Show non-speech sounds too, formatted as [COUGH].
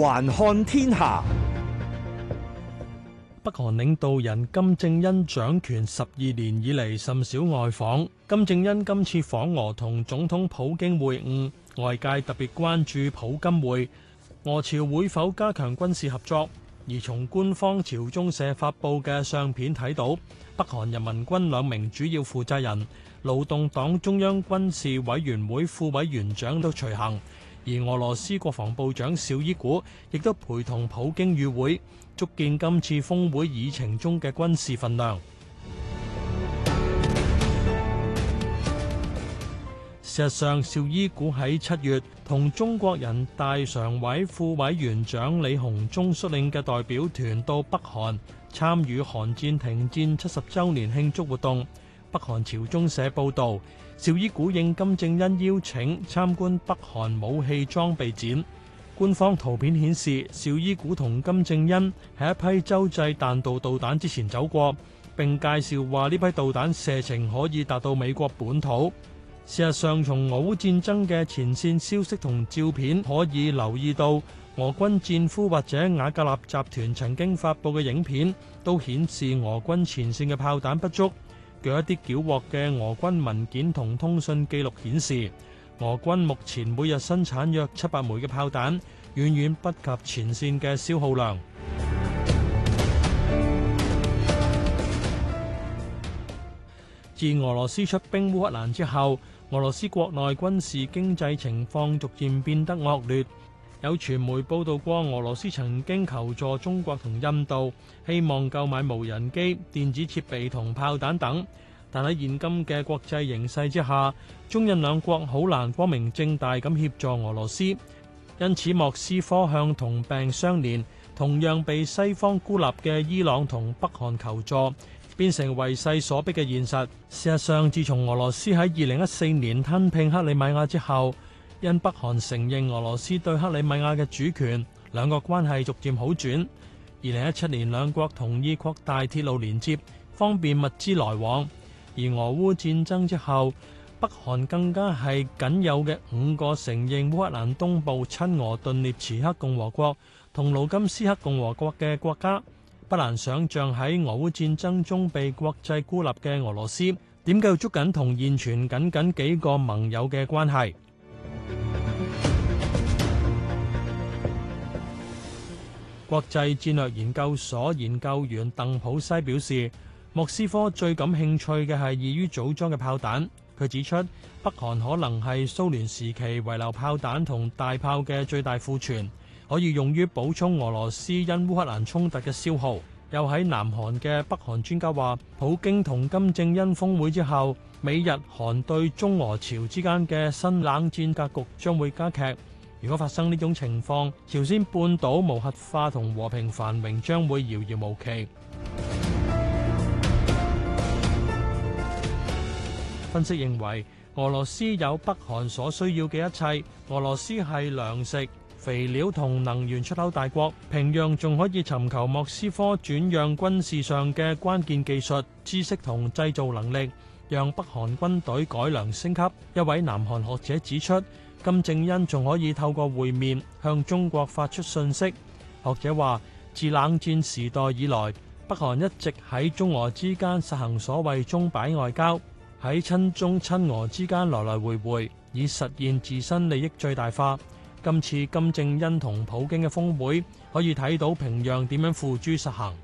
環看天下，北韓領導人金正恩掌權十二年以嚟甚少外訪。金正恩今次訪俄同總統普京會晤，外界特別關注普金會，俄朝會否加強軍事合作？而從官方朝中社發佈嘅相片睇到，北韓人民軍兩名主要負責人、勞動黨中央軍事委員會副委員長都隨行。而俄羅斯國防部長紹伊古亦都陪同普京與會，足見今次峰會議程中嘅軍事分量。事實上，紹伊古喺七月同中國人大常委副委員長李鴻忠率領嘅代表團到北韓參與韓戰停戰七十周年慶祝活動。 [NOISE] 北韓朝中社報導，邵伊古應金正恩邀請參觀北韓武器裝備展。官方圖片顯示，邵伊古同金正恩喺一批洲際彈道導彈之前走過，並介紹話呢批導彈射程可以達到美國本土。事實上，從俄烏戰爭嘅前線消息同照片可以留意到，俄軍戰俘或者瓦格納集團曾經發布嘅影片都顯示俄軍前線嘅炮彈不足。據一啲繳獲嘅俄軍文件同通訊記錄顯示，俄軍目前每日生產約七百枚嘅炮彈，遠遠不及前線嘅消耗量。 [MUSIC] 自俄羅斯出兵烏克蘭之後，俄羅斯國內軍事經濟情況逐漸變得惡劣。有傳媒報道過，俄羅斯曾經求助中國同印度，希望購買無人機、電子設備同炮彈等。但喺現今嘅國際形勢之下，中印兩國好難光明正大咁協助俄羅斯。因此，莫斯科向同病相憐、同樣被西方孤立嘅伊朗同北韓求助，變成為勢所逼嘅現實。事實上，自從俄羅斯喺二零一四年吞併克里米亞之後，因北韓承認俄羅斯對克里米亞嘅主權，兩國關係逐漸好轉。二零一七年，兩國同意擴大鐵路連接，方便物資來往。而俄烏戰爭之後，北韓更加係僅有嘅五個承認烏克蘭東部親俄頓涅茨克共和國同盧甘斯克共和國嘅國家。不難想象喺俄烏戰爭中被國際孤立嘅俄羅斯，點解要捉緊同現存僅僅幾個盟友嘅關係？國際戰略研究所研究員鄧普西表示，莫斯科最感興趣嘅係易於組裝嘅炮彈。佢指出，北韓可能係蘇聯時期遺留炮彈同大炮嘅最大庫存，可以用於補充俄羅斯因烏克蘭衝突嘅消耗。又喺南韓嘅北韓專家話，普京同金正恩峰會之後，美日韓對中俄朝之間嘅新冷戰格局將會加劇。如果發生呢種情況，朝鮮半島無核化同和，和平繁榮將會遙遙無期。分析認為，俄羅斯有北韓所需要嘅一切。俄羅斯係糧食、肥料同能源出口大國，平壤仲可以尋求莫斯科轉讓軍事上嘅關鍵技術、知識同製造能力，讓北韓軍隊改良升級。一位南韓學者指出。金正恩仲可以透過會面向中國發出訊息，學者話，自冷戰時代以來，北韓一直喺中俄之間實行所謂鐘擺外交，喺親中親俄之間來來回回，以實現自身利益最大化。今次金正恩同普京嘅峰會，可以睇到平壤點樣付諸實行。